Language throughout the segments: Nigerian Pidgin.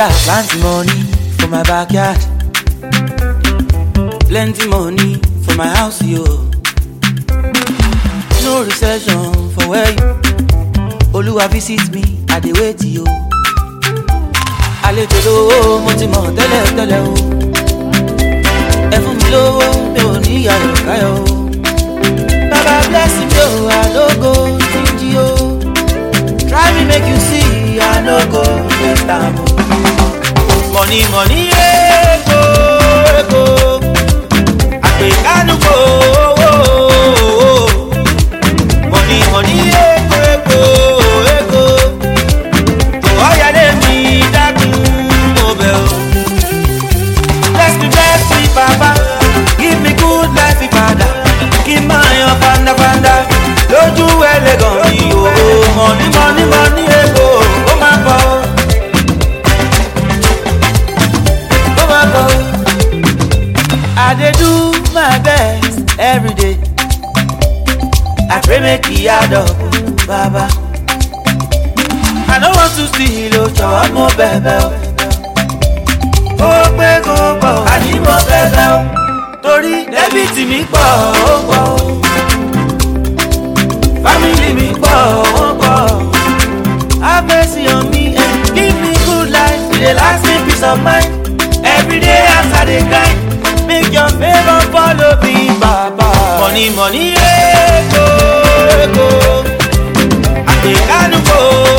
father plenty money for my backyard plenty money for my house yo no recession for where you olúwa visit me i dey wait yo àlejò lówó mo ti mọ̀ tẹ́lẹ̀ tẹ́lẹ̀ o ẹ fún mi lówó mi ò ní ìyàwó káyọ̀ baba bless me o I no go jí o try me make you see I no àlógo lẹ́tà mo mọ̀nì mọ̀nì èkó èkó àgbékánúkò owó mọ̀nì mọ̀nì èkó èkó èkó kò ọ̀yàdé mi dákun mo bẹ̀ o. bless me bless me papa give me good life ìpadà kí n máa yan fandafanda lójú ẹlẹ́gàn mi o mọ̀nì mọ̀nì. pray make e add up baba. I no want to see lo jọ̀wọ́ mo bẹ̀bẹ̀ o. Ó pé kó pọ̀ àní mo bẹ̀bẹ̀ o. Torí dẹ́bìtì mi pọ̀ ó pọ̀ o. Fámìlì mi pọ̀ ó o. Have mercy on me and give me good life. E dey last me peace of mind. Every day as I dey grind. Make your favour follow me, Baba. Money, money, yeah, go. go. I think I know.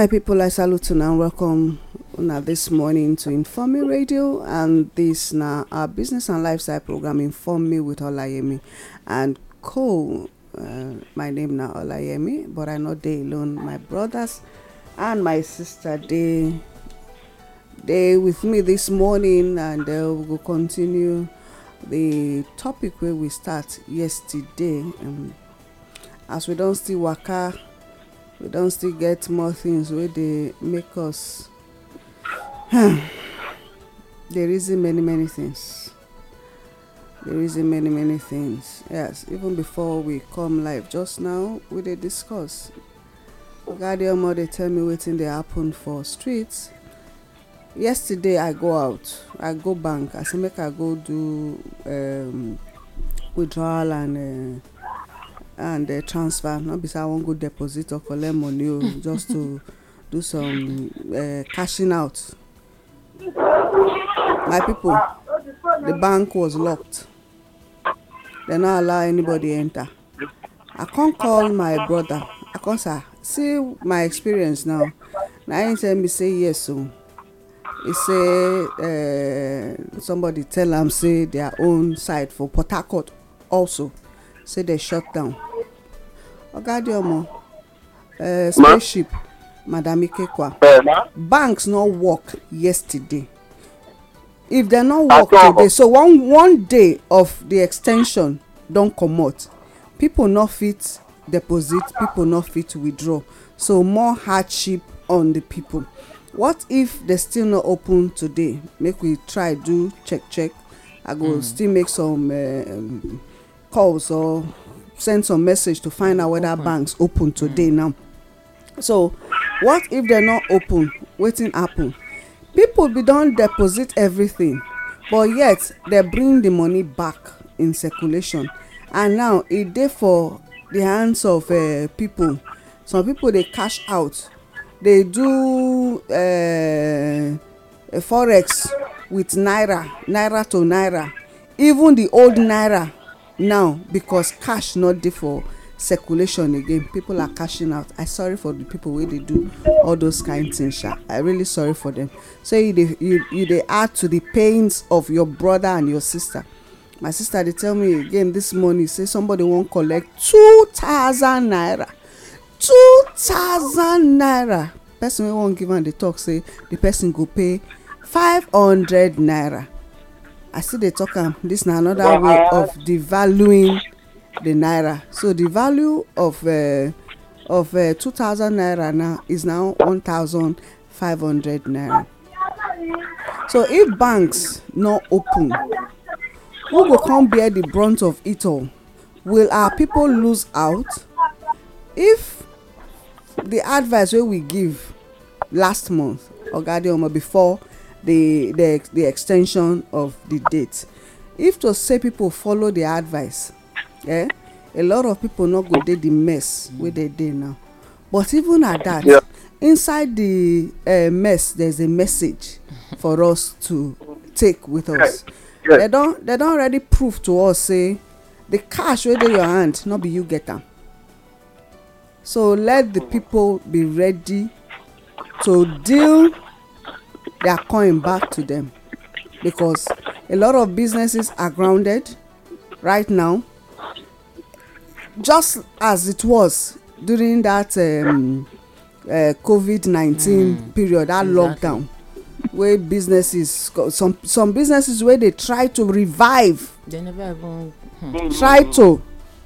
my people i salute una now. welcome una this morning to inform me radio and this now our business and lifestyle program inform me with olayemi and co uh, my name now olayemi but i know they alone my brothers and my sister They they with me this morning and uh, we go continue the topic where we start yesterday um, as we don't still waka we don still get more things wey dey make us hmm, dey reason many many things dey reason many many things yes even before we come live just now we dey discuss oga adeomo dey tell me wetin dey happen for street yesterday i go out i go bank i say make i go do um, withdrawal and uh, and uh, transfer no be say i wan go deposit or collect money o oh, just to do some uh, cashing out my people the bank was locked they no allow anybody enter i come call my brother i come say see my experience now na him tell me say yes o oh. he say uh, somebody tell am say their own side for port harcourt also say they shut down oga uh, spaceship madam ikekwa eh, banks no work yesterday if dem no work today so one one day of the extension don comot people no fit deposit people no fit withdraw so more hardship on the people what if they still no open today make we try do check check i go hmm. still make some eh, um, calls or send some message to find out whether open. banks open mm. today mm. now so what if dem no open wetin happen people bin don deposit everything but yet they bring the money back in circulation and now e dey for the hands of uh, people some people dey cash out dey do uh, forex with naira naira to naira even the old naira now because cash not dey for circulation again people are cashing out i sorry for the people wey dey do all those kind things sha i really sorry for them so you dey you, you dey add to the pains of your brother and your sister my sister dey tell me again this morning say somebody wan collect two thousand naira two thousand naira person wey wan give am dey talk say the person go pay five hundred naira i still dey talk am this na another way of devaluing the naira so the value of uh, of uh, thousand naira now is now one thousand five hundred naira so if banks no open who go come bear the brunt of it all will our people lose out if the advice wey we give last month oga adeomo before the the the extension of the date if to say people follow the advice eh a lot of people no go dey the mess wey dey dey now but even at that yeah. inside the uh, mess there's a message for us to take with us yeah. they don they don already prove to us say the cash wey dey your hand no be you get am so let the people be ready to deal they are coming back to them because a lot of businesses are grounded right now just as it was during that um, uh, covid-19 mm, period that exactly. lockdown wey businesses some some businesses wey dey try to revive they never even hmm. Mm. try to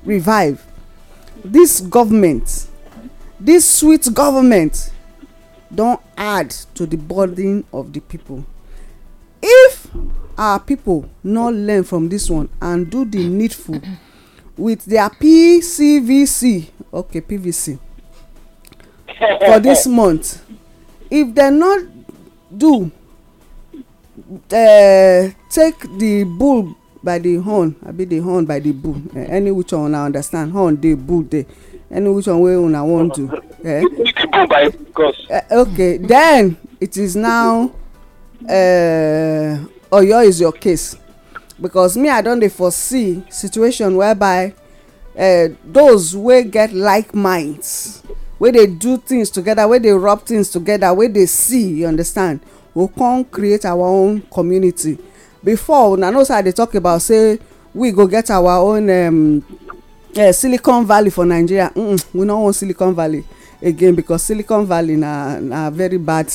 revive this government this sweet government don add to the burden of the people if our people no learn from this one and do the needful with their pcvc okay pvc for this month if dem no do uh, take the bull by the horn abi the horn by the bull uh, any which one una understand horn dey bull dey any which one wey una want to, Eh? Uh, okay then it is now uh, oyo is your case because me i don dey foresee situation whereby uh, those wey get like minds wey dey do things together wey dey rub things together wey dey see you understand we come create our own community before una know say i dey talk about say we go get our own um, uh, silicon valley for nigeria mm -mm, we no want silicon valley again because silicon valley na na very bad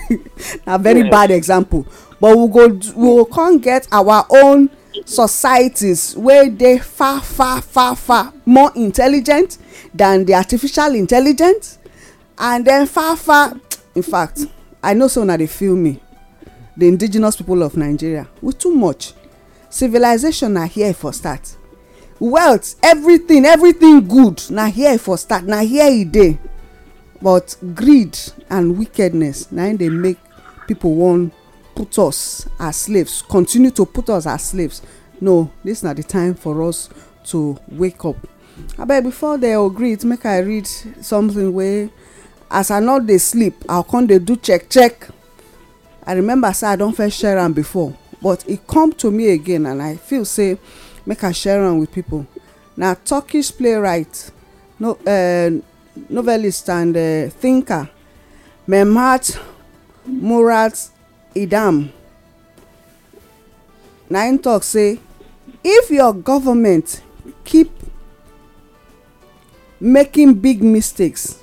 na very yeah. bad example but we go we go come get our own societies wey dey far far far far more intelligent than the artificial intelligence and then far far in fact i know say una dey feel me the indigenous people of nigeria we too much civilization na here for start wealth everything everything good na here for start na here e dey but greed and wickedness na im dey make people wan put us as slaves continue to put us as slaves no this na the time for us to wake up abeg before they all agree make i read something wey as i no dey sleep i come dey do check check i remember say i don first share am before but e come to me again and i feel say make i share am with people na turkish playwright no, uh, novelist and uh, thinker mehmet murat idam na him talk say if your government keep making big mistakes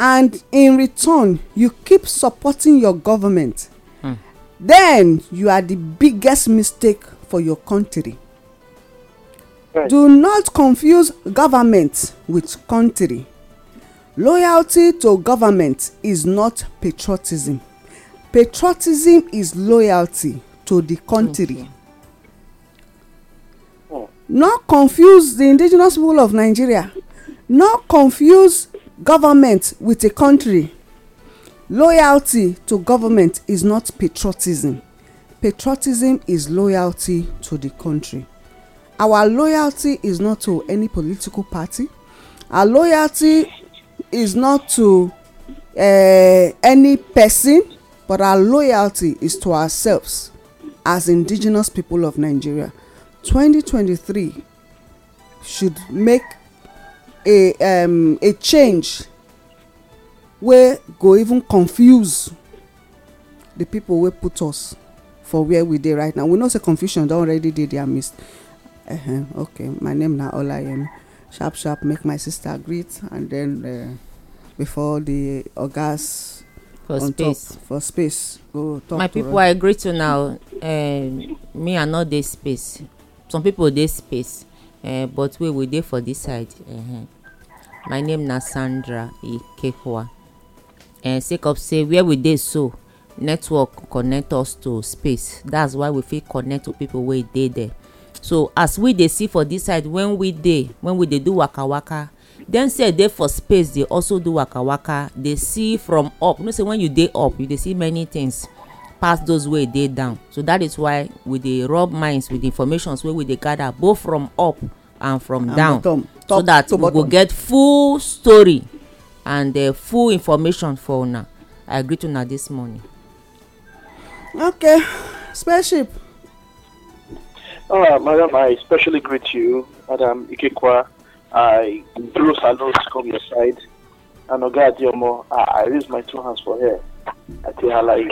and in return you keep supporting your government mm. then you are the biggest mistake for your country. Right. Do not confuse government with country. Loyalty to government is not patriotism. Patriotism is loyalty to the country. Okay. Hmm. Not confuse the indigenous people of Nigeria. Not confuse government with a country. Loyalty to government is not patriotism. Patriotism is loyalty to the country. Our loyalty is not to any political party. Our loyalty is not to uh, any person, but our loyalty is to ourselves as indigenous people of Nigeria. 2023 should make a um, a change wey go even confuse the people wey put us for where we dey right now we know say confusion don already dey their midst uh-huh, okay my name na olayemi sharp sharp make my sister greet and then uh, before the ogas for space. top for space go talk my to people her. i greet you now uh, me i no dey space some people dey space uh, but we we dey for this side uh -huh. my name na sandra ikekwa uh, sake of say where we dey so network connect us to space that's why we fit connect to people wey dey there so as we dey see for this side when we dey when we dey do waka waka dem sef dey for space dey also do waka waka dey see from up you know say when you dey up you dey see many things pass those wey dey down so that is why we dey rub minds with informations wey we dey gather both from up and from and down bottom, top, so that we go get full story and uh, full information for una i greet una this morning. Okay, spaceship. All right, madam, I especially greet you, Madam Ikekwa. I throw salutes come your side. And Oga Adiomo, I, raise my two hands for her. I tell her like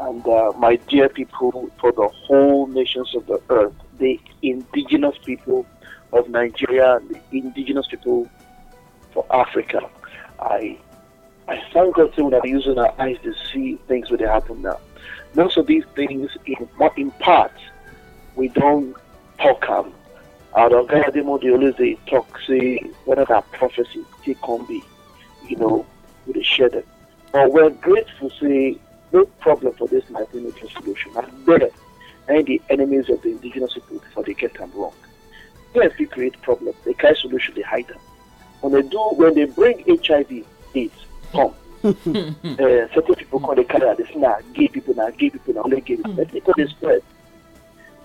and uh, my dear people for the whole nations of the earth, the indigenous people of Nigeria, the indigenous people for Africa. I I thank God that we're using our eyes to see things that happen now most of these things, in, in part, we don't talk them. Our Ogademo, they always they talk, say, what our prophecies? Take on be, you know, with a share them. But we're grateful, say, no problem for this Nigerian solution. And better, and the enemies of the indigenous people before they get them wrong. Yes, we create problems. They carry solution, they hide them. When they do, when they bring HIV, it's come uh, certain people call the carrier. They say, gay people, now gay people, now nah, only gay people. That's because they spread.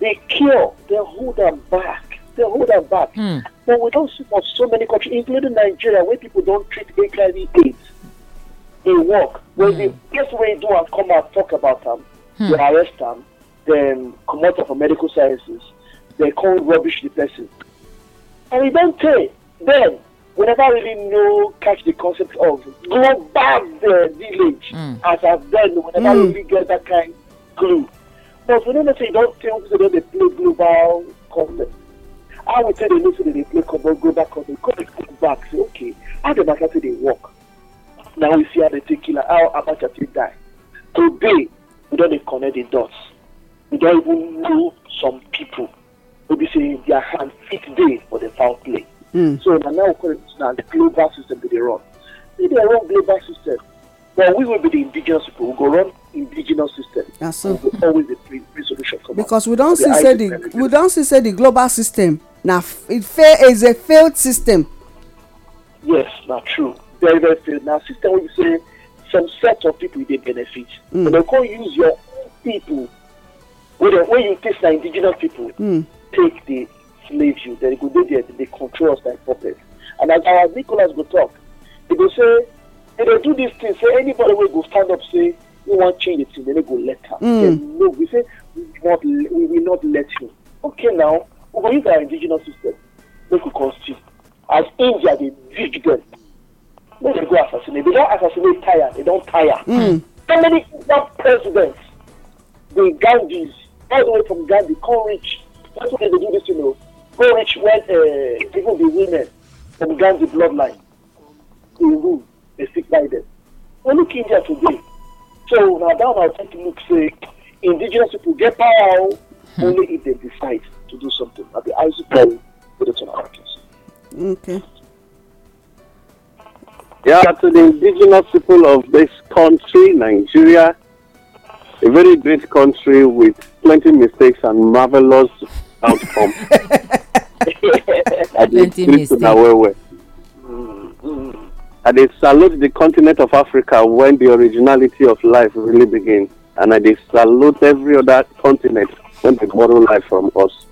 They kill. They hold them back. They hold them back. Mm. But we don't see for so many countries, including Nigeria, where people don't treat HIV/AIDS. They work. When mm. the best way do and come out talk about them, mm. they arrest them, then come out of medical sciences. They call rubbish the person. And he don't tell them we never really know catch the concept of global uh, village mm. as at then we never mm. really get that kind clue, but we don't know say you don tell people say they play global concept how we tell them say they dey play global concept come look back say okay how the matter take dey work now we see how they take kill am how abacha take die today we don dey connect the dots we don even know some people wey be say their hand fit dey for the foul play. Hmm. So and now we call it now the global system that they run. Maybe they run global system, but we will be the indigenous people. We go run indigenous system. Yes, so. We will always be free, free solution come Because we don't see say the we system. see say the global system now it fail is a failed system. Yes, na true. Very very failed. Now system wey be say some set of people dey benefit. Mm. But dem come use your own people wey dem wey you take na indigenous people. Mm. take the enslave you They go there They control us like puppets and as our nicholas go talk they go say they don't do this thing say anybody will go stand up say we want change the thing they go let am mm. no we say we not we will not let you okay now we will use our indigenous system they go constitu as india they dig They go assassinate they don't assassinate tire they don't tire. Mm. how many indian presidents the gandhis all the way from gandhi come reach that's why they do this you know go reach when uh, even the women from Gandhi bloodline, they rule, they stick by them. We look India today. So now that I think look say uh, indigenous people get power only if they decide to do something. At the eyes of people, with the Americans. Okay. Yeah, to the indigenous people of this country, Nigeria, a very great country with plenty mistakes and marvelous outcome. I well, well. I they salute the continent of Africa when the originality of life really begins, and I they salute every other continent when they borrow life from us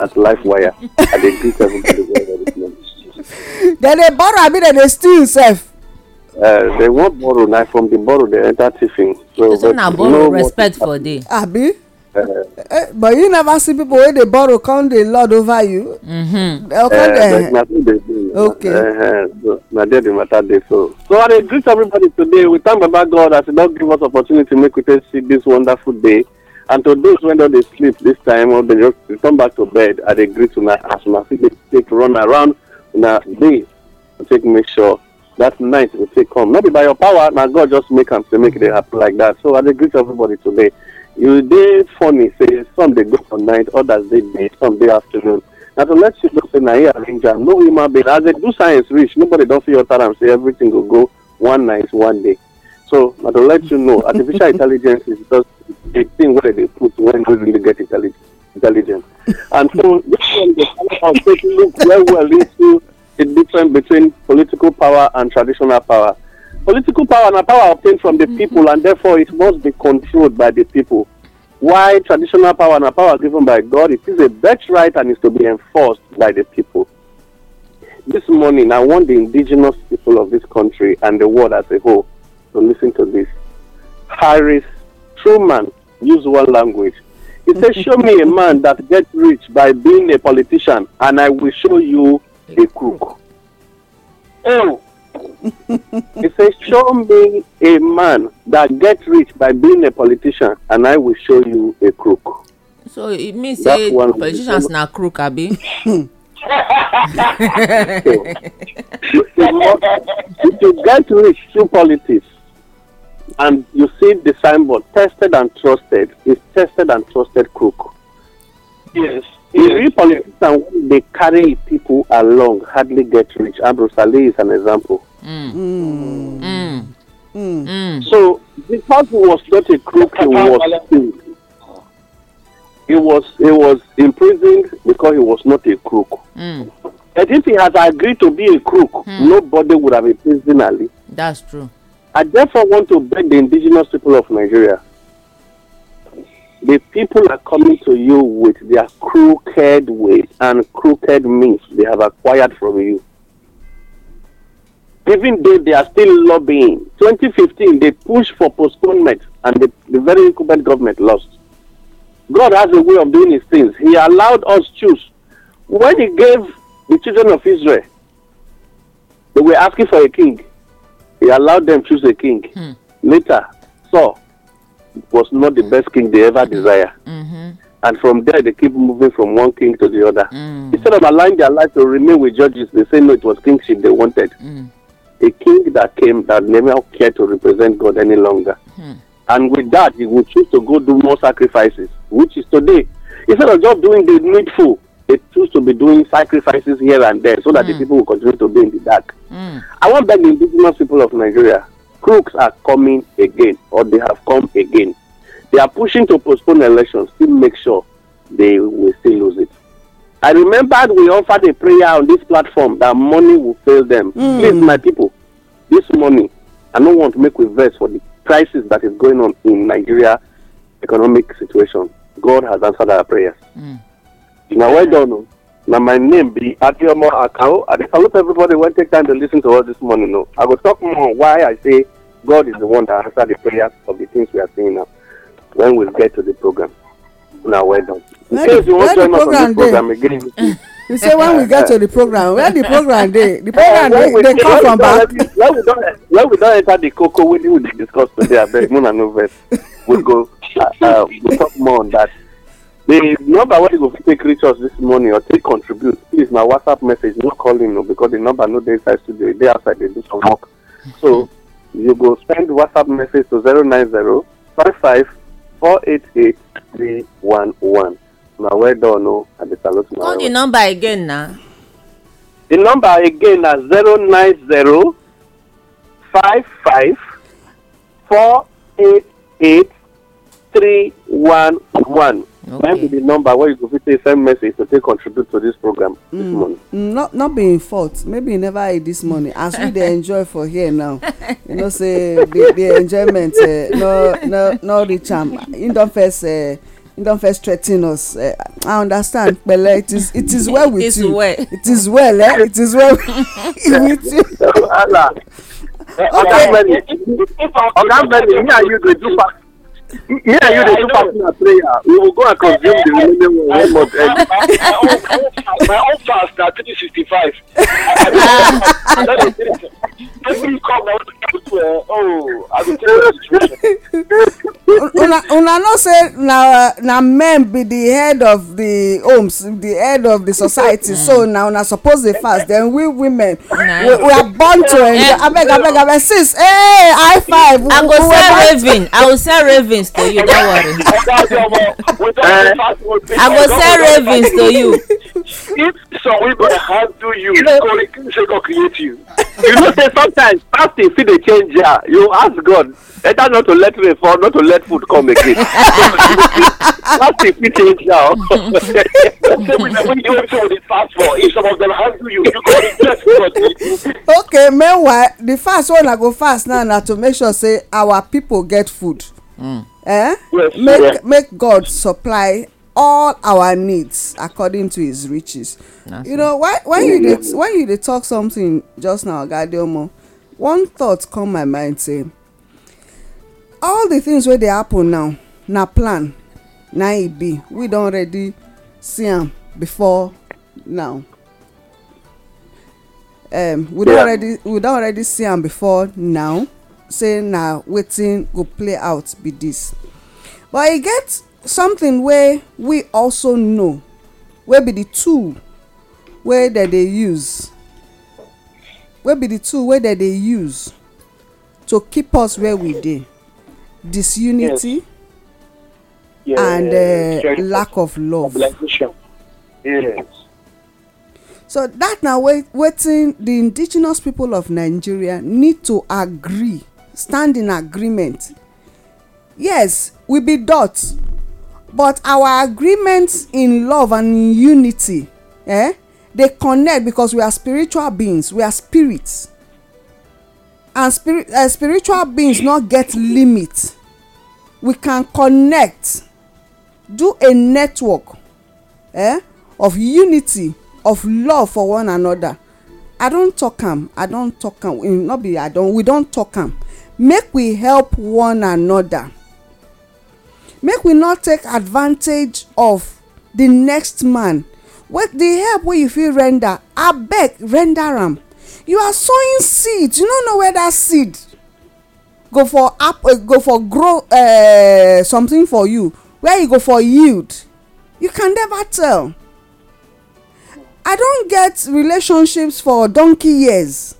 as life wire. I they greet everybody Then they borrow, I mean, then they steal self. Uh, they won't borrow now from the borrow they enter tiffin. So, so now borrow no respect for day. Abi. Eh, eh, but you never see people wey dey borrow come dey lord over you. Mm okay. Uh, na there the matter dey so. so i dey greet everybody today we thank baba god as he don give us opportunity make we take see this wonderful day and to those wey don dey sleep this time or dey just return back to bed i dey greet una as una fit dey take run around una day take make sure that night go take come no be by your power na god just make am say make e dey happen like that so i dey greet everybody today you dey funny say some dey go for night others dey day some dey afternoon na to let you know say na here arrange am no human being as dem do science reach nobody don fit alter am say everything go go one night one day so na to let you know artificial intelligence is just the thing wey they dey put when we really get intelligence and so this one dey follow us take look well well into the difference between political power and traditional power political power and power obtained from the mm -hmm. people, and therefore it must be controlled by the people. While traditional power and power given by God? It is a right and is to be enforced by the people. This morning, I want the indigenous people of this country and the world as a whole to listen to this. Harris Truman used one language. He said, Show me a man that gets rich by being a politician, and I will show you a crook. Oh, he says, Show me a man that gets rich by being a politician, and I will show you a crook. So it means say politicians na crook, Abi. you get rich through politics and you see the signboard tested and trusted, is tested and trusted crook. Yes. Yes. politicians, they carry people along, hardly get rich. Ambrose Ali is an example. Mm. Mm. Mm. mm. mm. So, because he was not a crook, he was He was, he was imprisoned because he was not a crook. Mm. And if he had agreed to be a crook, mm. nobody would have imprisoned Ali. That's true. I therefore want to beg the indigenous people of Nigeria the people are coming to you with their crooked ways and crooked means they have acquired from you. Even though they are still lobbying, 2015 they pushed for postponement and the, the very incumbent government lost. God has a way of doing his things. He allowed us choose. When he gave the children of Israel, they were asking for a king. He allowed them choose a king. Hmm. Later, Saul so, was not the mm. best king they ever desire. Mm-hmm. And from there, they keep moving from one king to the other. Mm. Instead of allowing their life to remain with judges, they say, no, it was kingship they wanted. Mm. A king that came that never cared to represent God any longer. Mm. And with that, he would choose to go do more sacrifices, which is today. Instead of just doing the needful, they choose to be doing sacrifices here and there so that the hmm. people will continue to be in the dark. Hmm. I want to beg the indigenous people of Nigeria crooks are coming again, or they have come again. They are pushing to postpone elections to make sure they will still lose it. I remembered we offered a prayer on this platform that money will fail them. Mm. Please, my people, this money, I don't want to make reverse for the crisis that is going on in Nigeria economic situation. God has answered our prayers. Mm. Now, well done. Oh. Now, my name be Adiomo Akao. I hope everybody will take time to listen to us this morning. No? Oh, I will talk more why I say God is the one that answered the prayers of the things we are seeing now. When we get to the program, now well done. In where case you want to join us on this program again. you say when we get to the program where the program day? the program dey uh, dey come from back. when we don't when we don enter the cocoa. wey we dey discuss today abeg una no vex we go uh, uh, we talk more on that the number where you go take reach this morning or take contribute please my whatsapp message no calling in because the number no dey inside studio e outside They do some work so you go send WhatsApp message to 090 55 488 311. Now, well done, oh, and the salute. Call the number again now. The number again is 090 55 488 311 okay. be the number where you go fit take send message to take contribute to this program this mm. morning mm, not not be im fault maybe e never eat dis morning as we dey enjoy for here now you know say the the enjoyment uh, no no no reach am um, im don first uh, you don first threaten us uh, i understand pele it is it is well with it's you well. it is well eh it is well with you. oga mbeni oga mbeni me and you dey do pass Yeah, you the two partner player. We will go and consume the remaining one month. My own fast na three sixty five. Every come out, oh, I will tell you the situation. Una, una know say na na men be the head of the homes, the head of the society. Mm. So na una suppose dey fast. Then we women, we, we are born to eh. enjoy. Abeg, abeg, abeg, sis, hey, eh, high five. I go sell Raven. I go sell Raven ravens to you don't worry eh. i go sell ravens to you. if some women handle you say god create you. you know say sometimes fasting fit dey change ya you ask god better not to let rain fall not to let food come again fasting fit change ya o. say we the fast for if some of them handle you you go regret god. okay meanwhile the fast one I go fast now na to make sure say our people get food Mm. Eh? Yes, make yeah. make God supply all our needs according to his riches. That's you know why when you did when you did talk something just now, Gadiomo, one thought come my mind say all the things wey dey happen now na plan na e be we don already see am before now um, we don yeah. already we don already see am before now say na wetin go play out be this, but e get something wey we also know wey be the tool wey dem dey use wey be the tool wey dem dey use to keep us where we dey disunity yes. and uh, lack of love yes. so that na wetin the indigenous people of nigeria need to agree stand in agreement yes we be dot but our agreement in love and in unity eh dey connect because we are spiritual beings we are spirits and spirit uh, eh, spiritual beings no get limit we can connect do a network eh of unity of love for one another i don talk am i don talk am no be i don we don talk am make we help one another make we not take advantage of the next man with the help wey you fit render abeg render am you are sowing seed you no know where that seed go for up uh, eh, go for grow uh, something for you where you e go for yield you can never tell i don get relationships for donkey years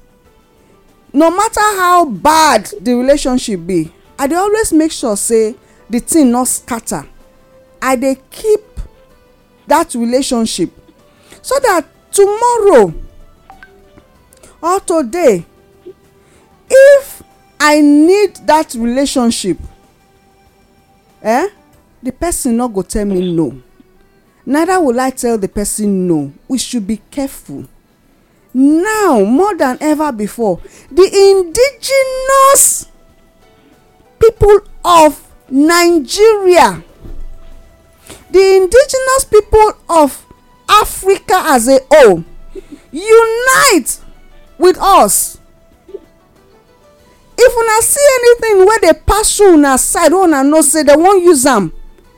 no matter how bad the relationship be i dey always make sure say the thing no scatter i dey keep that relationship so that tomorrow or today if i need that relationship eh the person no go tell me no neither will i tell the person no we should be careful now more than ever before the indigenous people of nigeria the indigenous people of africa as a whole unite with us if una see anything wey dey pass through una side wey una know say dem wan use am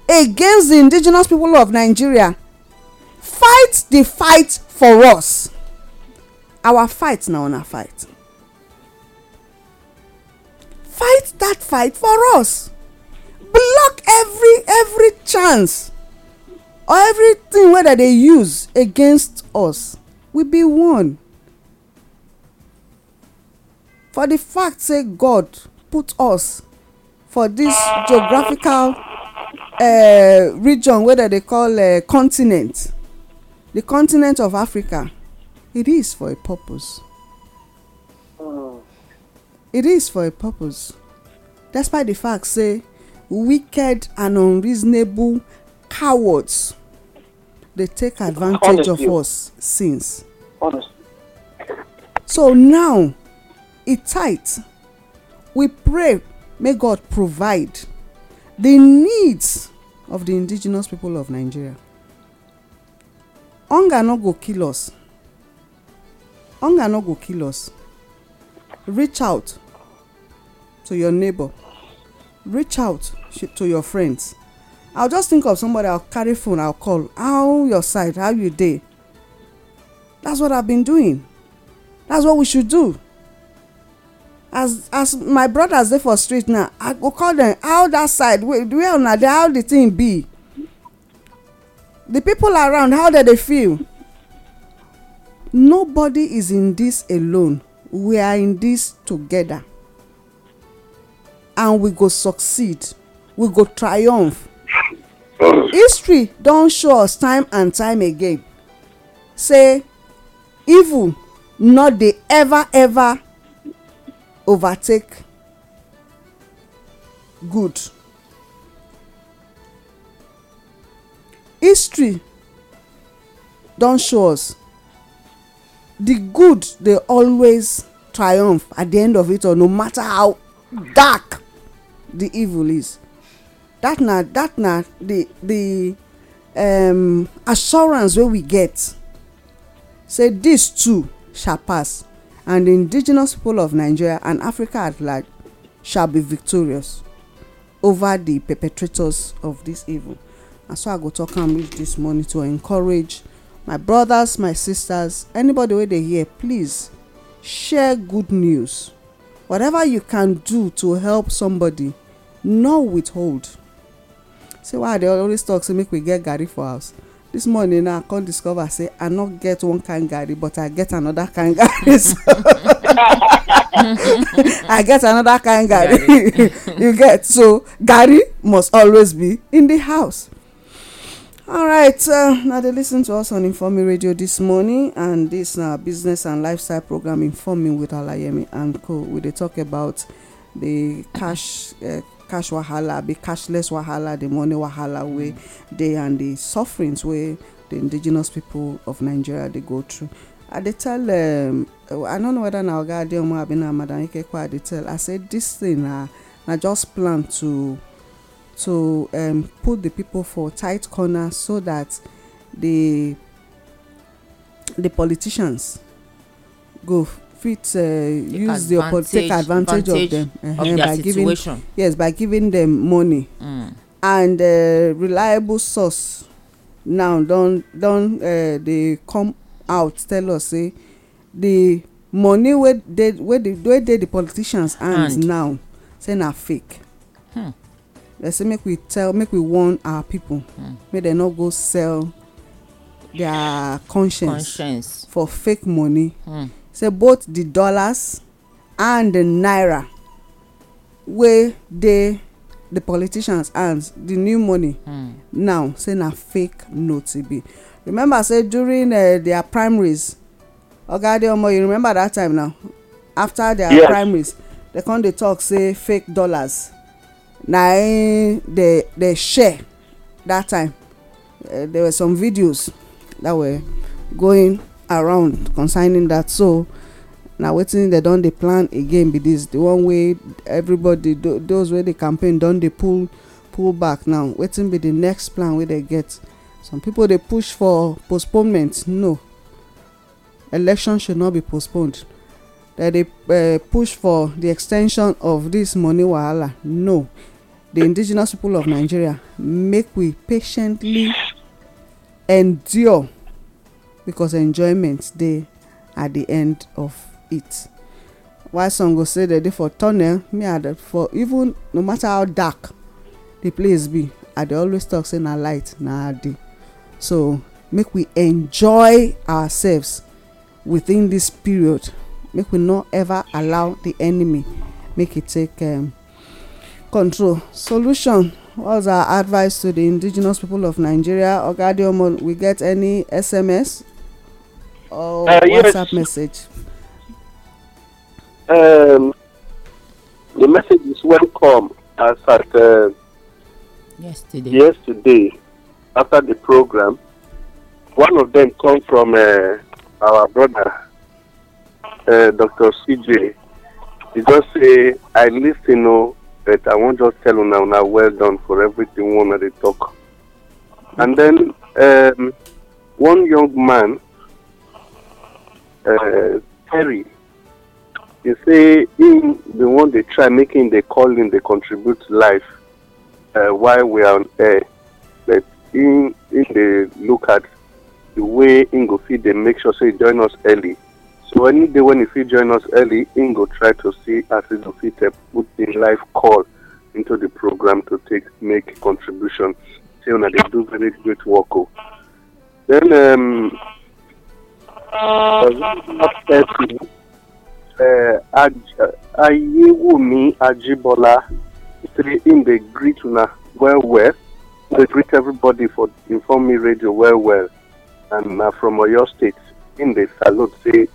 against the indigenous people of nigeria fight the fight for us our fight na una fight fight that fight for us block every every chance or everything wey dem dey use against us we be one for the fact say god put us for this geographical uh, region wey dem dey call uh, continent the continent of africa It is for a purpose. It is for a purpose. Despite the fact say wicked and unreasonable cowards they take advantage Honestly. of us since. Honestly. So now it tight. We pray may God provide the needs of the indigenous people of Nigeria. Hunger no go kill us hunger no go kill us reach out to your neighbor reach out to your friends i will just think of somebody i will carry phone i will call how your side how you dey that's what i been doing that's what we should do as as my brothers dey for street now i go call them. how that side wey where una dey how the thing be the people around how dem dey feel Nobody is in this alone. We are in this together. And we go succeed. We go triumph. History don show us time and time again say evil no dey ever ever overtake good. History don show us the good dey always triumph at the end of it all no matter how dark the evil is that na that na the the um, assurance wey we get say this too shall pass and the indigenous people of nigeria and africa at large shall be victorious over the perpetrators of this evil na so i go talk am reach this morning to encourage my brothers my sisters anybody wey dey hear please share good news whatever you can do to help somebody no withhold see why i dey always talk say make we get garri for house this morning na i come discover say i no get one kind garri but i get another kind garri so i get another kind garri you get so garri must always be in the house all right uh, now they listen to us on Informing radio this morning and this uh, business and lifestyle program informing with alayemi and co we they talk about the cash uh, cash wahala abi cashless wahala the money wahala way, they and the sufferings wey the indigenous people of nigeria they go through i dey tell um, i no know whether na oga adeomo abi na madam ikekwa i dey tell i say this thing na na just plan to to um, put the people for tight corner so that the the politicians go fit uh, use the opportunity take advantage, advantage of them uh, of uh-huh, by situation. giving yes by giving them money mm. and uh, reliable source now don don uh, dey come out tell us say the money wey dey wey dey wey dey the politicians hand now say na fake. Hmm dem say make we tell make we warn our people hmm. make they no go sell their conscience for fake money hmm. say both the dollars and the naira wey dey the politicians hands the new money hmm. now say na fake note e be remember say during eh, their primaries oga adeomo you remember that time now after their primaries they come dey talk say fake dollars na im dey dey share that time eh, there were some videos that were going around concerning that so na wetin dem don dey plan again be this the one wey everybody those wey dey campaign don dey pull pull back now wetin be the next plan wey dem get some people dey push for postponement no election should not be postponed dem dey eh, push for the extension of this money wahala no the indigenous people of nigeria make we patiently endure because enjoyment dey at the end of it Why some go say they dey for tunnel me i dey for even no matter how dark the place be i dey always talk say na light na day so make we enjoy ourselves within this period make we no ever allow the enemy make e take um, control. Solution What's our advice to the indigenous people of Nigeria? Oga Ogadiomon, we get any SMS or uh, WhatsApp yes. message? Um, the message is welcome as at uh, yesterday. yesterday after the program. One of them come from uh, our brother, uh, Dr. CJ. He just say, I listen, you oh, know, but I not just tell you now, now well done for everything one of the talk. And then um, one young man, uh, Terry, he say in the one they try making the calling they contribute life uh, while we are on air, but in if they look at the way in feed they make sure say so join us early. So any day when if he join us early, he go try to see as he go fit put in live call into the program to take make contribution. Say una they do very great work. Oh. Then um uh, uh Ayewumi Ajibola say him dey greet una well well. They greet everybody for inform me radio well well and uh, from Oyo State. In the salute say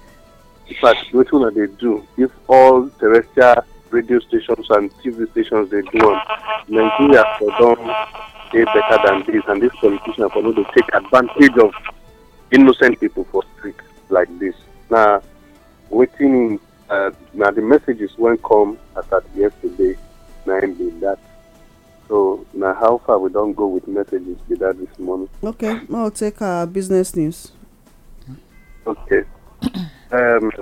fact, which one they do? If all terrestrial radio stations and TV stations they do on, Nigeria for them they better than this, and these politicians for them to take advantage of innocent people for street like this. Now, waiting. Uh, now the messages won't come as at yesterday. Nine be that. So now, how far we don't go with messages be that this morning? Okay, I'll take our uh, business news. Okay. um,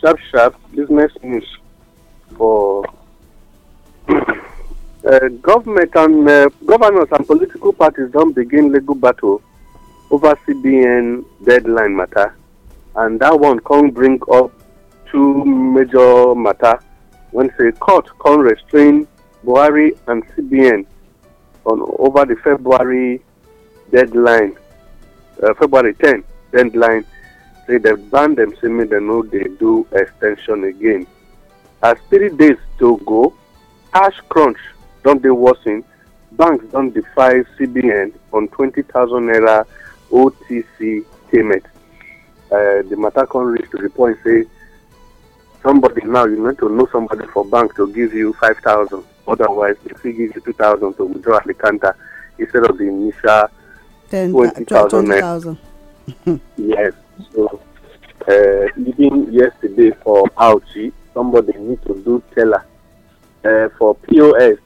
sharp sharp business news for uh, government and uh, governors and political parties don't begin legal battle over CBN deadline matter, and that one can bring up two major matter when say court can restrain Buhari and CBN on over the February deadline, uh, February 10 deadline say dem ban them say make they no they do extension again as three days to go cash crunch Don't be worsen banks don't defy cbn on twenty thousand naira otc payment uh, the matter come reach to the point say somebody now you need to know somebody for bank to give you five thousand otherwise if he give you two thousand to withdraw at the counter instead of the initial uh, twenty thousand naira yes so, uh, even yesterday for Auchi, somebody need to do teller. Uh, for POS,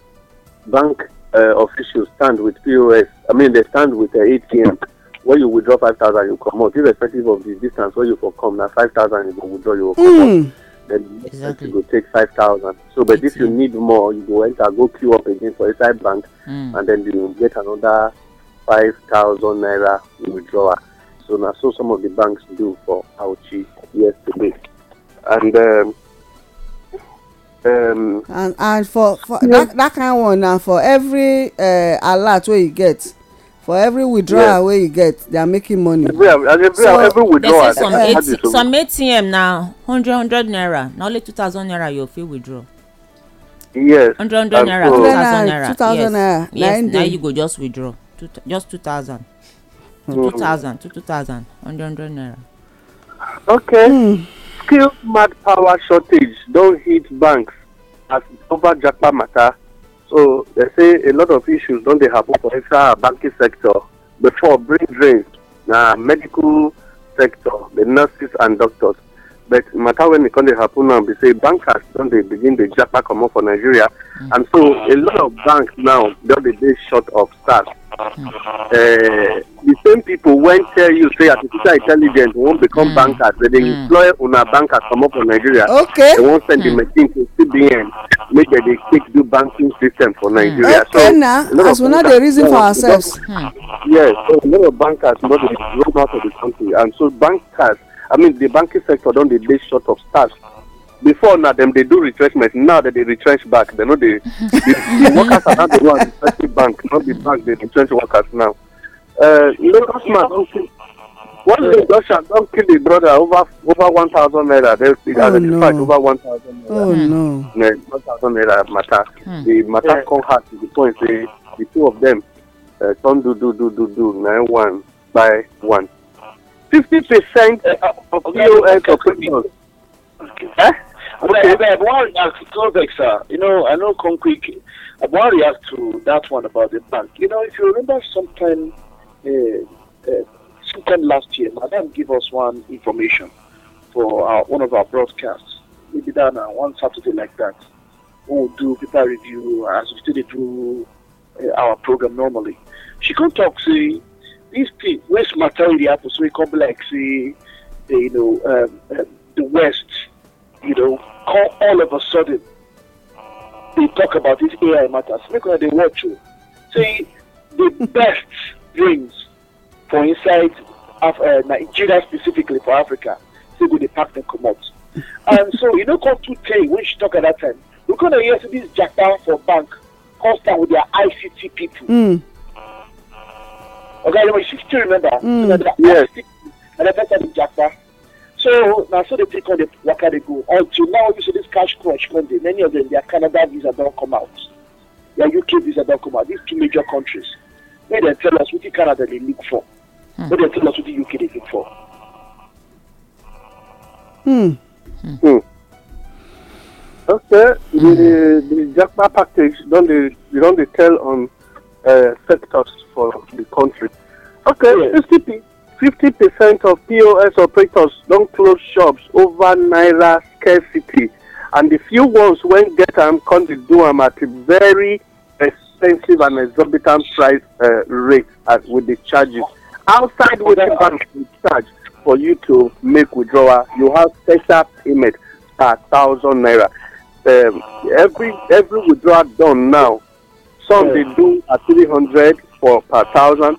bank uh, officials stand with POS. I mean, they stand with the ATM. When you withdraw 5,000, you come out. Irrespective of the distance where you for come, now 5,000 you go withdraw, you will come mm. out. Then exactly. you go take 5,000. So, but if you need more, you go enter, go queue up again for inside bank, mm. and then you get another 5,000 naira withdrawal. So I saw some of the banks do for Auchi yesterday. And um, um, and and for for yeah. that that kind of one na for every uh, alert where you get for every withdrawal yeah. wey you get they are making money. every every so, every withdrawal. so they some eight some atm now, hundred hundred naira na only two thousand naira you fit withdraw. yes hundred hundred naira two thousand naira yes yes na you go just withdraw two, just two thousand to mm. 2000 to 2000 100 naira. okay mm. skilled mad power shortage don hit banks as over japa matter so they say a lot of issues don dey happen for extra banking sector before brain drain na medical sector the nurses and doctors but matter when e come dey happen now be say bankers don dey begin dey japa comot for nigeria mm. and so a lot of banks now don dey dey short of staff uh, mm. eh, the same people when tell you say artificial intelligence wan become mm. bankers they dey employ una bankers comot for nigeria Okay, they wan send the machine to cbn make they dey take do banking system for nigeria so as we no dey reason for ourselves yes so a lot of bankers no dey run out of the country and so bankers i mean the banking sector don dey dey short of staff before na dem dey do retrenchment now dem dey retrench back dem no dey the workers are now the ones retrenching bank not the bank dey retrench workers now uh, lagos man don kill one day russia don kill the brother over over one thousand naira they they identified oh, no. over one thousand naira oh no one thousand naira matter hmm. the matter yeah. come hard to the point say the two of them uh, come do do do do do nine one by one fifty percent uh, uh, of POS operators. Eh? Okay. Uh, I, I, want to react sir. You know, I know Conquick. I want to react to that one about the bank. You know, if you remember sometime, uh, uh, sometime last year, Madam gave us one information for our, one of our broadcasts. Maybe that uh, one Saturday like that. we do paper review as we still do uh, our program normally. She can talk, say, these people, which material they have for so complex, you know, um, um, the West, you know, all, all of a sudden, they talk about this AI matters. Because they watch you. Oh. See, the best dreams for inside of uh, eh, Nigeria, specifically for Africa, see, go they pack and come out. and so, you know, come to tell when she talk at that time, we're going to hear this jackdown for bank, constant with their ICT people. Mm oga okay, you still remember. Mm. So yes. And the person the Jaffa. So now so they take on the waka they go. Until now you see this cash crunch Monday, many of them their Canada visa don't come out. Their UK visa don't come out. These two major countries. May they tell us what the Canada they look for. Mm. May they tell us what the UK they look for. Hmm. Hmm. Okay, hmm. the, the, the Jackpot package, don't they, they don't they tell on uh, sectors for the country. Okay, yeah. 50 percent of POS operators don't close shops over naira scarcity, and the few ones when get them come to do them at a very expensive and exorbitant price uh, rate as with the charges. Outside with the bank charge for you to make withdrawal, you have special payment per thousand naira. Um, every every withdrawal done now Some yeah. they do at 300 for per thousand.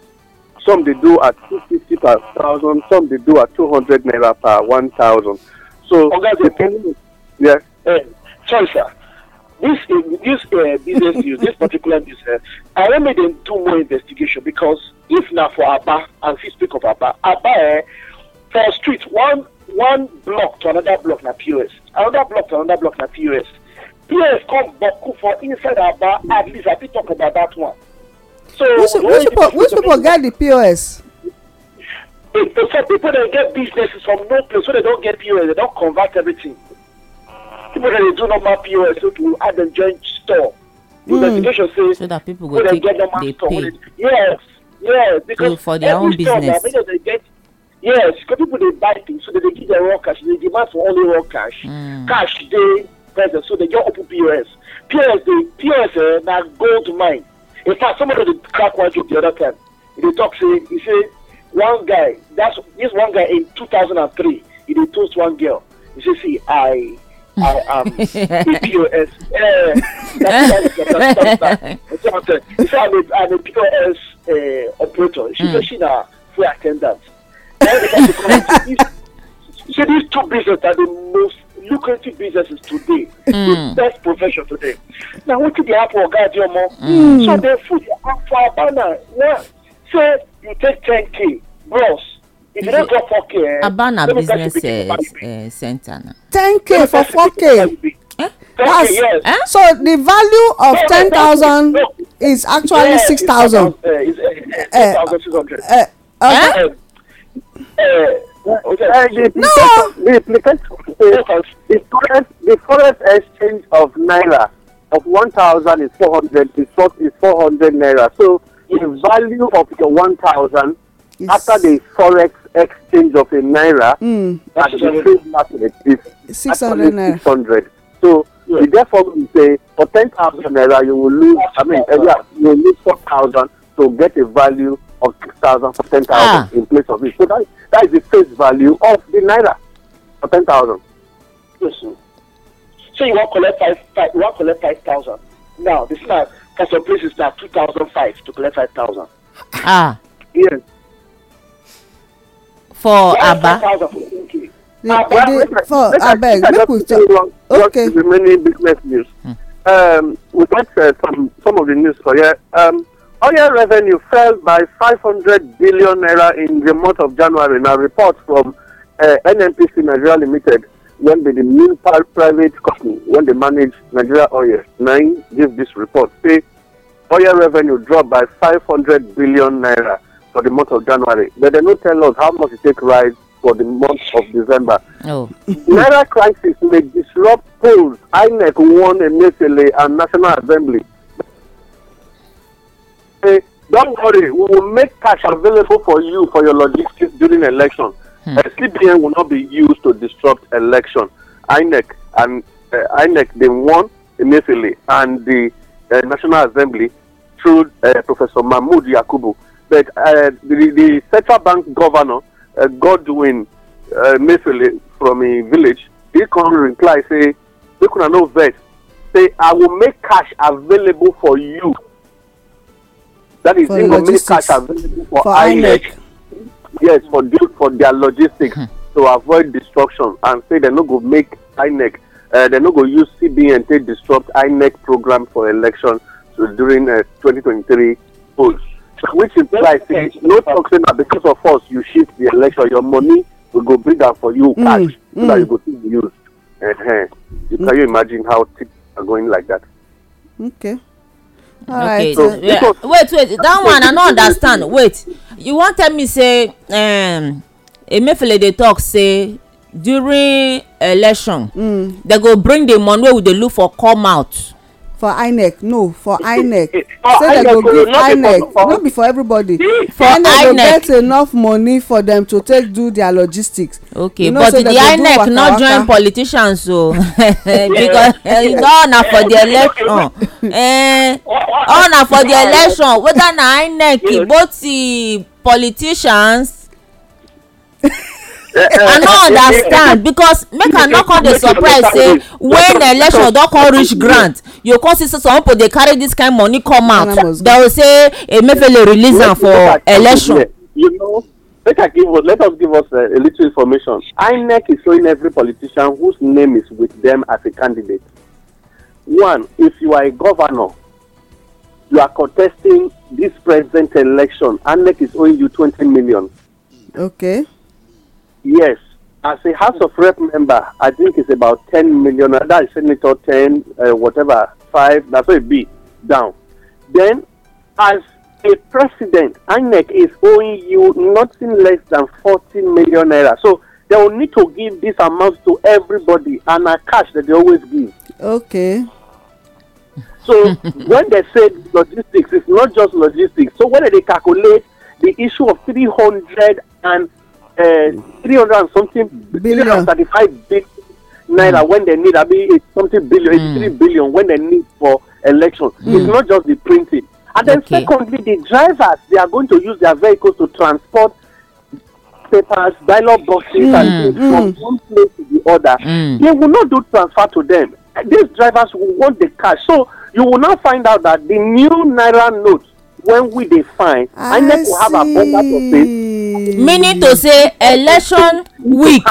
Some they do at 250 per thousand. Some they do at 200 naira per 1,000. So, okay, depending. Yes. Yeah. Uh, sorry, sir. This, uh, this uh, business use, this particular business, I want me to do more investigation because if now for Abba, and if we speak of Abba, Abba, eh, for street, one one block to another block na POS, another block to another block na POS peers come boku for inside aba at least i fit talk about that one. so which, which people which people get the pos. if some people dey get businesses from no place so they don get pos They don convert everything people dey do normal pos so to add dem join store. the mm. investigation say so that people go take dey pay yes yes because so for their own business every store na make get yes because people dey buy things so they dey give their cash. They demand for only raw cash mm. cash dey present so they just open POS. POS, the POS uh, eh, now gold mine. In fact, somebody did crack one joke the other time. They talk say he say one guy that's this one guy in 2003 he did toast one girl. He say see I. I am POS. Uh, eh, that's, that's, that's, that's, he said I'm a, I'm a POS uh, eh, operator. She mm. said hmm. she's a free attendant. Then she, these two business are the most lucrative businesses today. Mm. the best profession today. Now, what did hmm. hmm. they have for guard So mom? Mm. So, therefore, for a banner, say you take ten k bros. If you don't go 4k, Abana Business uh, Center. Now. 10k for four k Eh? yes. eh? So the value of no, ten thousand no, is actually yeah, six thousand. uh, uh, uh, uh, uh, uh, uh, uh, uh, the, no. the, current, the current exchange of naira of one thousand is four hundred is four is four hundred naira. So the value of the one thousand yes. after the forex exchange of a naira mm. at the trade market is six hundred naira. Six hundred. So therefore we say for ten thousand naira you will lose. I mean, uh, yeah, you will lose four thousand to get a value of six thousand for ten thousand ah. in place of it so that that is the face value of the naira for ten thousand. so you want collect five five you want collect five thousand now this thing na for some places na two thousand five to collect five thousand. ah yes. for Abba. aba. 5, the, uh, the, for ah, abeg make we talk okay. the many business news. Hmm. Um, we got uh, some some of the news for here. Um, Oil revenue fell by 500 billion naira in the month of January. Now, report from uh, NNPC Nigeria Limited, when they the main private company, when they manage Nigeria Oil, nine give this report. Say oil revenue drop by 500 billion naira for the month of January, but they no tell us how much it take rise for the month of December. Oh. naira crisis may disrupt polls. INEC won Emefiele and National Assembly. say, don't worry, we will make cash available for you for your logistics during election. Hmm. Uh, CBN will not be used to disrupt election. INEC and uh, INEC they won initially, and the uh, National Assembly through uh, Professor Mahmoud Yakubu. But uh, the, the central bank governor uh, Godwin uh, from a village, he come reply say, "Make cannot know that. Say I will make cash available for you." That is for logistics. cash available for, for INEC. Yes, for, for their logistics hmm. to avoid disruption and say they're not going to make INEC, uh, they're not going to use CBN take disrupt INEC program for election so during uh, 2023 polls. Which implies okay. no toxin because of us, you shift the election, your money we go bring am for you mm, cash so mm. that you go fit use. Uh -huh. You, mm. Can you imagine how things are going like that? Okay okay so, uh, yeah. wait wait that one i no understand wait you wan tell me say um, emefiele dey talk say during election mm. they go bring the money wey we dey look for come out for inec no for inec say dem go give inec no be for everybody for inec go get enough money for dem to take do their logistics okay but di inec no join politicians o because all eh, na for di election eh all oh, na for di election whether na inec both di politicians i no understand because make i no come dey surprise say when election don come reach grant you come see say some people dey carry this kind money come out dem go say emefiele eh, release am for election. you know make i give us let us give us uh, a little information inec is showing every politician whose name is with them as a candidate one if you are a governor you are contesting this present election inec is owing you twenty million. okay Yes. As a House of Rep member, I think it's about 10 million. That is Senator 10, uh, whatever, 5, that's what it be, down. Then, as a president, INEC is owing you nothing less than 14 million naira. So, they will need to give this amount to everybody and a cash that they always give. Okay. So, when they say logistics, it's not just logistics. So, when they calculate the issue of 300 and uh, 300 something, 335 billion naira when they need, I mean, it's something billion, mm. when they need for election. Mm. It's hmm. not just the printing. And then, okay. secondly, the drivers, they are going to use their vehicles to transport papers, dialogue boxes, mm. and things mm. from hmm. one place to the other. Hmm. They will not do transfer to them. These drivers will want the cash. So, you will now find out that the new Naira note when we dey fine inec will have abundance of faith. meaning to say election week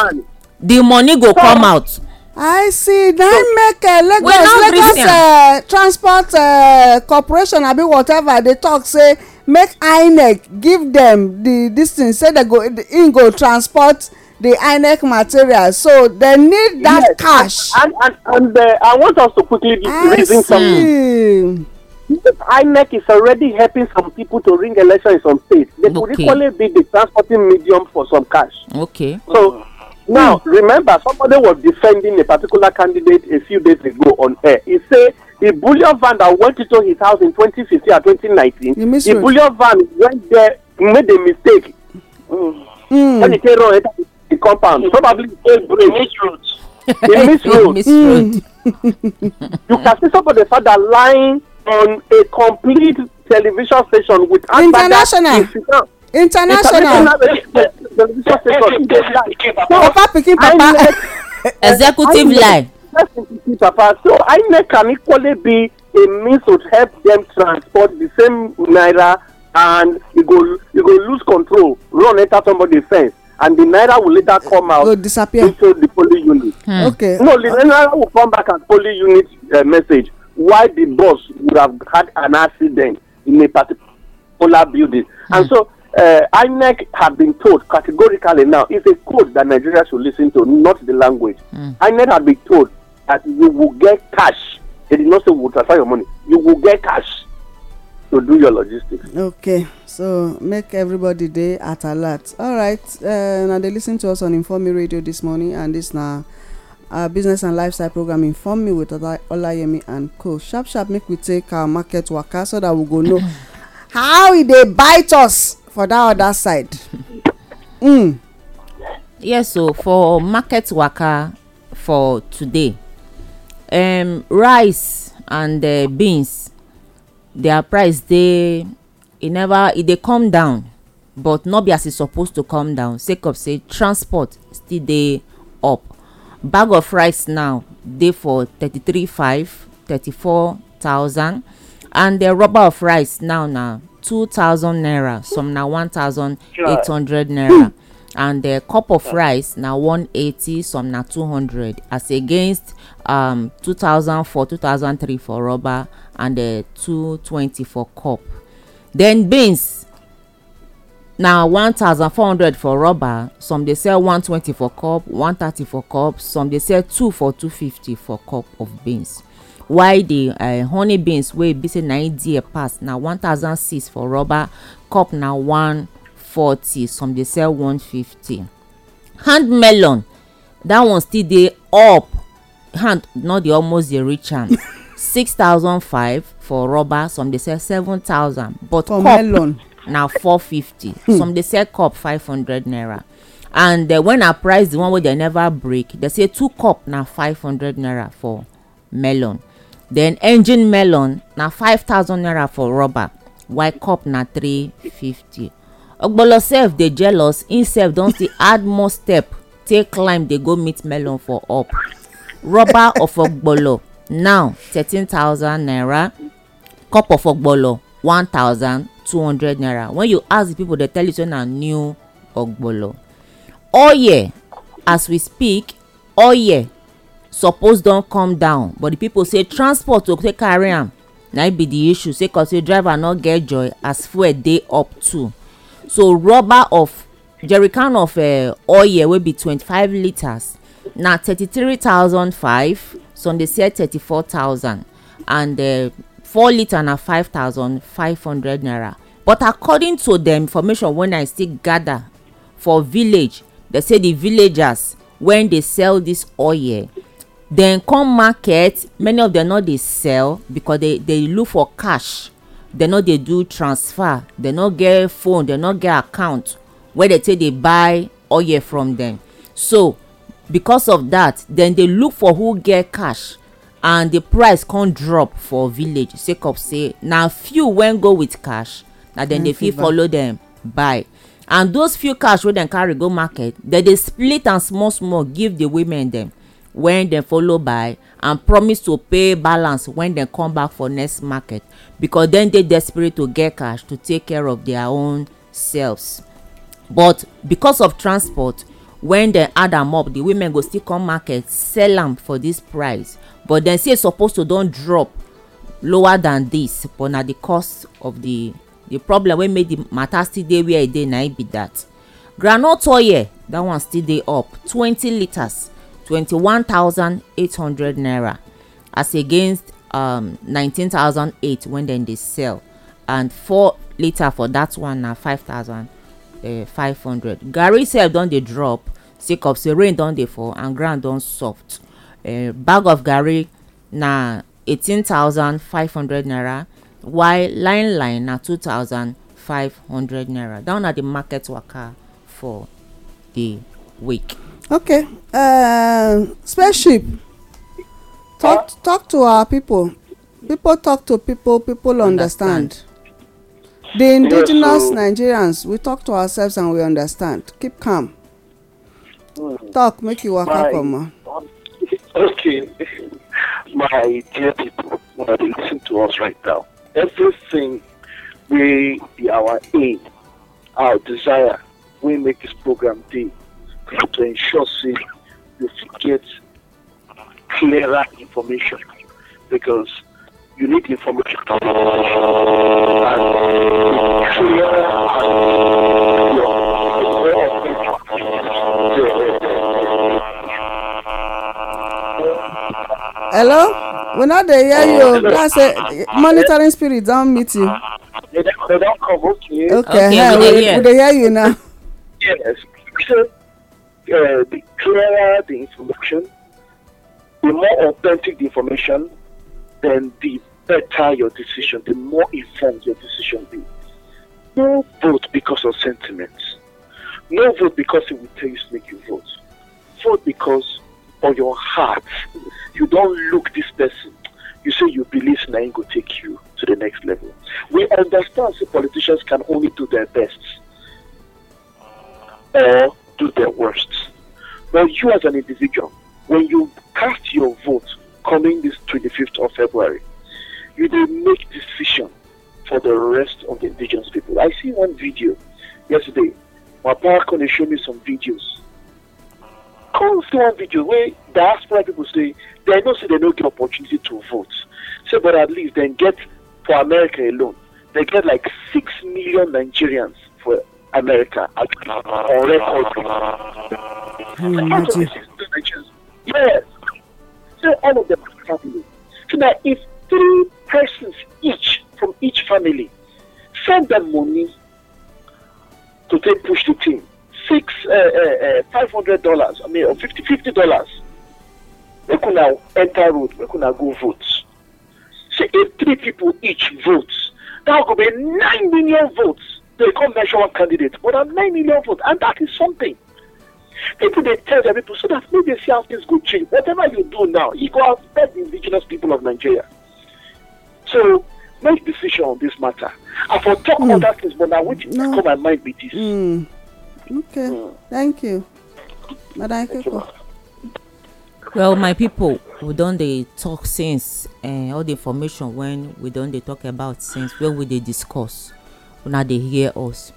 the money go so, come out. i see na so, make uh, lagos lagos uh, transport uh, corporation abi whatever dey talk say make inec give dem the this thing say dem go im go transport the inec material so they need that yes. cash. and and and uh, i want us to quickly I reason see. INEC is already helping some people to ring election in some states. They okay. could equally be the transporting medium for some cash. Okay. So now remember, somebody was defending a particular candidate a few days ago on air. He said the bullion van that went into his house in 2015 or 2019, the bullion van went there, made a mistake. Mm. it came wrong, the compound. Probably it misroads. It Mm. you can see somebody father lying on a complete television station with international international international television station papa pikin papa executive line papa so inec can equally be a means to help them transport the same naira and you go you go lose control run enter somebody fence and the naira will later come out. go disappear into the polling unit. Hmm. okay no the naira will come back as polling unit uh, message why the bus would have had an accident in a particular building. mm And so uh, INEC have been told categorically now it's a code that Nigeria should listen to, not the language. Mm. INEC have been told that you will get cash. They did not say we will transfer your money. You will get cash to do your logistics. Okay, so make everybody day at alert. All right, uh, now they listen to us on Informe Radio this morning, and this now our business and lifestyle program inform me with olayemi and co sharp sharp make we take our market waka so that we go know how e dey bite us for that other side. Mm. yes so for market waka for today um, rice and uh, beans their price dey e never e dey come down but no be as e suppose to come down sake of say transport still dey up bag of rice now dey for thirty three five thirty four thousand and the rubber of rice now na two thousand naira some na one thousand eight hundred naira and the cup of rice na one eighty some na two hundred as against um, two thousand four two thousand three for rubber and the uh, two twenty for cup then beans na one thousand four hundred for rubber some dey sell one twenty for cup one thirty for cup some dey sell two for two fifty for cup of beans while the uh, honey beans wey be say na im dear pass na one thousand six for rubber cup na one forty some dey sell one fifty hand melon that one still dey up hand no dey almost dey reach am six thousand five for rubber some dey sell seven thousand but for cup melon na four fifty hmm. some dey sell cup five hundred naira and uh, when i price the one wey dem never break dem say two cup na five hundred naira for melon then engine melon na five thousand naira for rubber while cup na three fifty ogbolo sef dey jealous him sef don still add more step take climb dey go meet melon for up rubber of ogbolo now thirteen thousand naira cup of ogbolo one thousand two hundred naira when you ask the people they tell you say na new ogbolo oye as we speak oye suppose don come down but the people say transport to take carry am na be the issue say cause say driver no get joy as fuel dey up too so rubber of jerrycan of uh, eh, oil wey be twenty-five litres na thirty-three thousand five sunday sell thirty-four thousand and uh, four litre na five thousand five hundred naira but according to the information wey i still gather for village dey say the villagers wen dey sell this oil dem come market many of them no dey sell because they dey look for cash dem no dey do transfer dem no get phone dem no get account wey dey take dey buy oil from dem so because of that dem dey look for who get cash and the price come drop for village sake of say na few wen go with cash na dem dey fit follow dem buy and those few cash wey dem carry go market dem dey split am small small give the women dem wen dem follow buy and promise to pay balance wen dem come back for next market because dem dey desperate to get cash to take care of their own selves but because of transport when dem add am up the women go still come market sell am for this price but dem say e suppose to don drop lower than this. but na the cost of the the problem wey make the matter still dey where e dey na e be that groundnut oil that one still dey up twenty litres twenty-one thousand eight hundred naira as against um, nineteen thousand eight when dem dey sell and four litre for that one na five thousand eh, five hundred garri sef don dey drop sake of say rain don dey fall and ground don soft uh, bag of garri na eighteen thousand five hundred naira while line line na two thousand five hundred naira that one na the market waka for the week. okay uh, spaceship talk talk to our people people talk to people people understand. understand the indigenous yes, so nigerians we talk to ourselves and we understand keep calm mm. talk make you waka comot. Okay, my dear people what are listening to us right now, everything we our aim, our desire, we make this program day to ensure see you get clearer information because you need information and clearer and hello we are not there. hear you that's a monitoring spirit don meet you they don come okay okay yeah, we dey hear you now yes so uh, the clearer the information the more authentic the information then the better your decision the more informed your decision be no vote because of sentiments no vote because it will tell you to make you vote vote because or your heart. You don't look this person. You say you believe Nain will take you to the next level. We understand that politicians can only do their best or do their worst. But you as an individual, when you cast your vote coming this 25th of February, you will make decision for the rest of the indigenous people. I see one video yesterday. My partner showed me some videos come see video wey diaspora people say dem know say dem no get opportunity to vote say but at least dem get for america alone dem get like six million nigerians for america on record. Mm, yes so all of them are family so na if three persons each from each family send them money to take push the thing six eh, eh, eh, five hundred dollars i mean or fifty fifty dollars make una enter road make una go vote say if three people each vote that go be nine million votes they come measure one candidate but na nine million votes and that is something people dey tell their people so that make they see how things go change whatever you do now e go affect the indigenous people of nigeria so make decision on this matter i for talk mm. other things but na wetin no. come my mind be this. Mm. Okay, thank you. madam Madaikeko. well my people we don't they talk since uh, all the information when we don't they talk about since when we they discuss una they hear us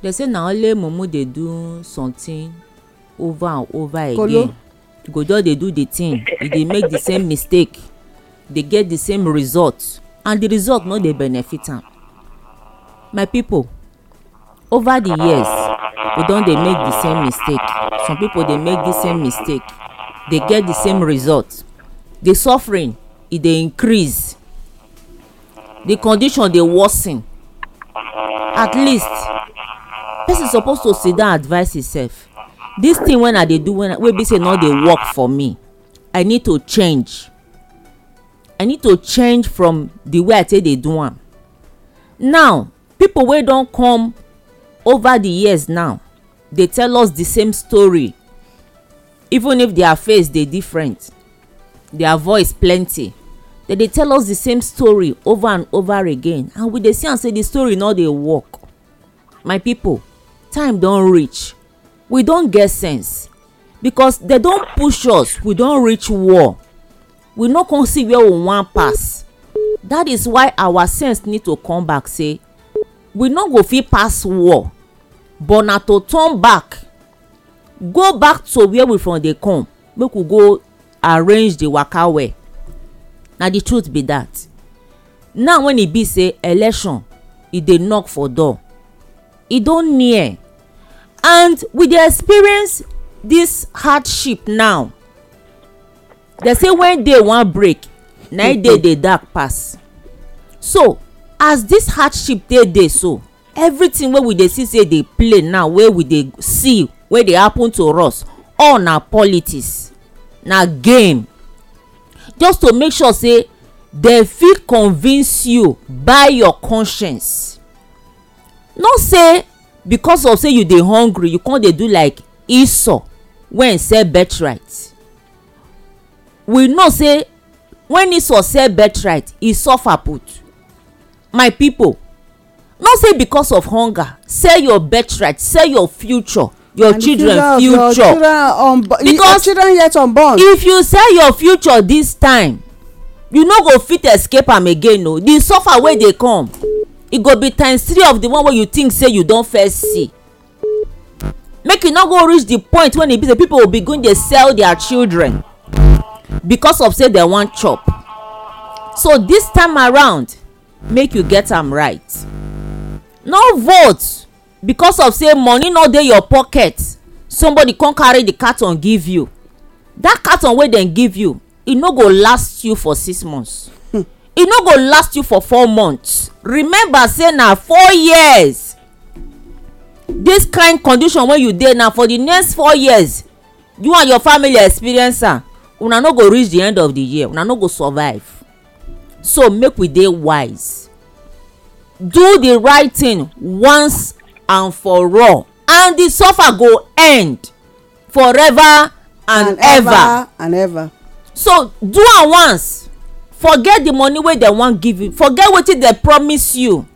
they say na only mumu they do something over and over again Kolo. go just dey do the thing e dey make the same mistake they get the same result and the result not they benefit am my people over the years we don dey make the same mistake some people dey make the same mistake dey get the same result the suffering e dey increase the condition dey worsen at least person suppose to sit down advice himself this thing wey i dey do when I, wey be say e no dey work for me i need to change i need to change from the way i take dey do am now people wey don come over the years now dey tell us the same story even if their face dey different their voice plenty dem dey tell us the same story over and over again and we dey see am say the story no dey work my people time don reach we don get sense because dem don push us we don reach war we no come see where we wan pass that is why our sense need to come back say we no go fit pass war but na to turn back go back to where we from dey come make we go arrange the waka well na the truth be that now when e be say election e dey knock for door e don near and we dey experience this hardship now dey say when day wan break na e day dey dark pass so as this hardship dey dey so everything wey we dey see say dey play now wey we dey see wey dey happen to us all na politics na game just to make sure say dem fit convince you by your conscience not say because of say you dey hungry you come dey do like esau when sell birthright we know say when esau sell birthright e suffer put my people not say because of hunger sell your birthright sell your future your and children future, future. Your children because children yet unborn. if you sell your future this time you no go fit escape am again o the suffer wey dey come e go be times three of the one wey you think say you don first see make you e no go reach the point when e be say people go begin dey sell their children because of say dem wan chop so this time around make you get am right no vote because of say money no dey your pocket somebody come carry the carton give you that carton wey dem give you e no go last you for six months hmm. e no go last you for four months remember say na four years this kind condition wey you dey na for the next four years you and your family experience am una no go reach the end of the year una no go survive so make we dey wise do the right thing once and for all and the suffer go end forever and, and ever. ever and ever so do am once forget the money wey dem wan give you forget wetin dem promise you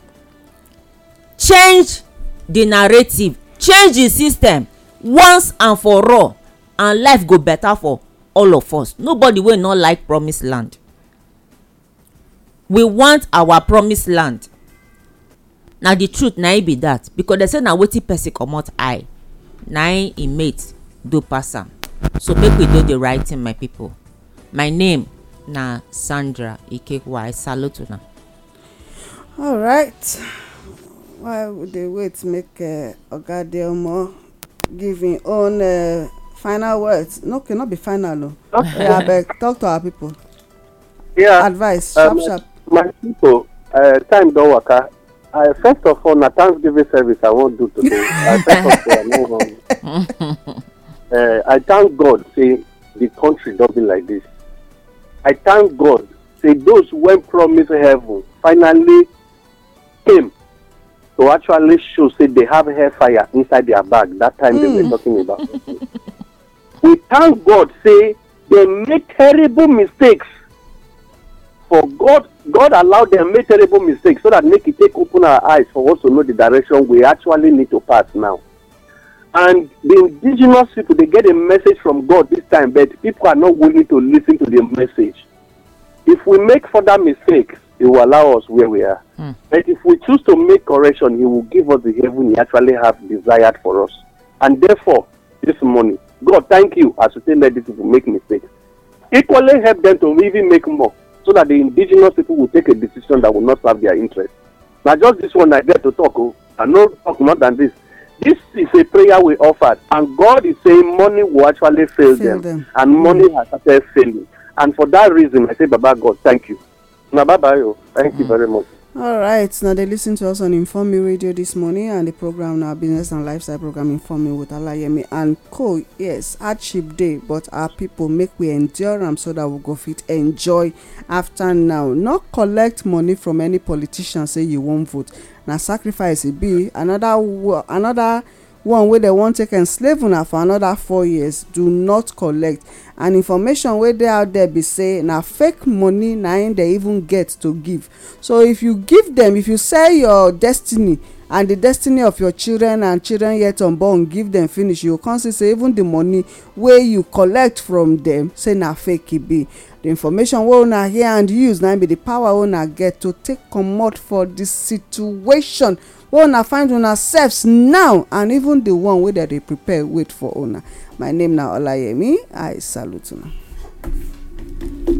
change the narrative change the system once and for all and life go better for all of us nobody wey no like promised land we want our promised land na the truth na e be that because dem say na wetin person comot eye na im mate do pass am so make we do the right thing my people my name na sandra ikekwa i salute una. right. while we dey wait make uh, oga adeomo give im own uh, final words no okay no be final o oh. okay. yeah, abeg talk to our people yeah. advice um, sharp um, sharp. my people uh, time don waka I, first of all, na Thanksgiving service I won't do today. I first of all, no, uh, I thank God, say, the country not be like this. I thank God, say, those when promised heaven finally came to actually show, say, they have hellfire inside their bag. That time mm. they were hmm. talking about. we thank God, say, they make terrible mistakes for God, God allowed them make terrible mistakes so that make it take open our eyes for us to know the direction we actually need to pass now. And the indigenous people, they get a message from God this time, but people are not willing to listen to the message. If we make further mistakes, He will allow us where we are. Mm. But if we choose to make correction, He will give us the heaven He actually has desired for us. And therefore, this morning, God, thank you as you say, let these people make mistakes. Equally help them to even make more. so that the indigenous people will take a decision that will not serve their interest. Now, just this one I get to talk, oh, and no talk more than this. This is a prayer we offered, and God is saying money will actually fail, fail them, them, and mm. money has started failing. And for that reason, I say, Baba God, thank you. Now, Baba, bye, oh. thank mm. you very much. All right, now they listen to us on Inform Me Radio this morning and the program now Business and Lifestyle program Inform Me with Alayemi and Co. Yes, hardship day, but our people make we endure them so that we go fit enjoy after now. Not collect money from any politician say you won't vote. Now sacrifice it e be another another one wey dem wan take enslave una for another four years do not collect and information wey dey out there be say na fake money na im dey even get to give so if you give dem if you sell your destiny and the destiny of your children and children yet unborn give dem finish you go come see say even the money wey you collect from dem say na fake e be the information wey una hear and use na be the power una get to take comot for the situation wey una find una selves now and even the one wey dem dey prepare wait for una my name na olayemi i salute una.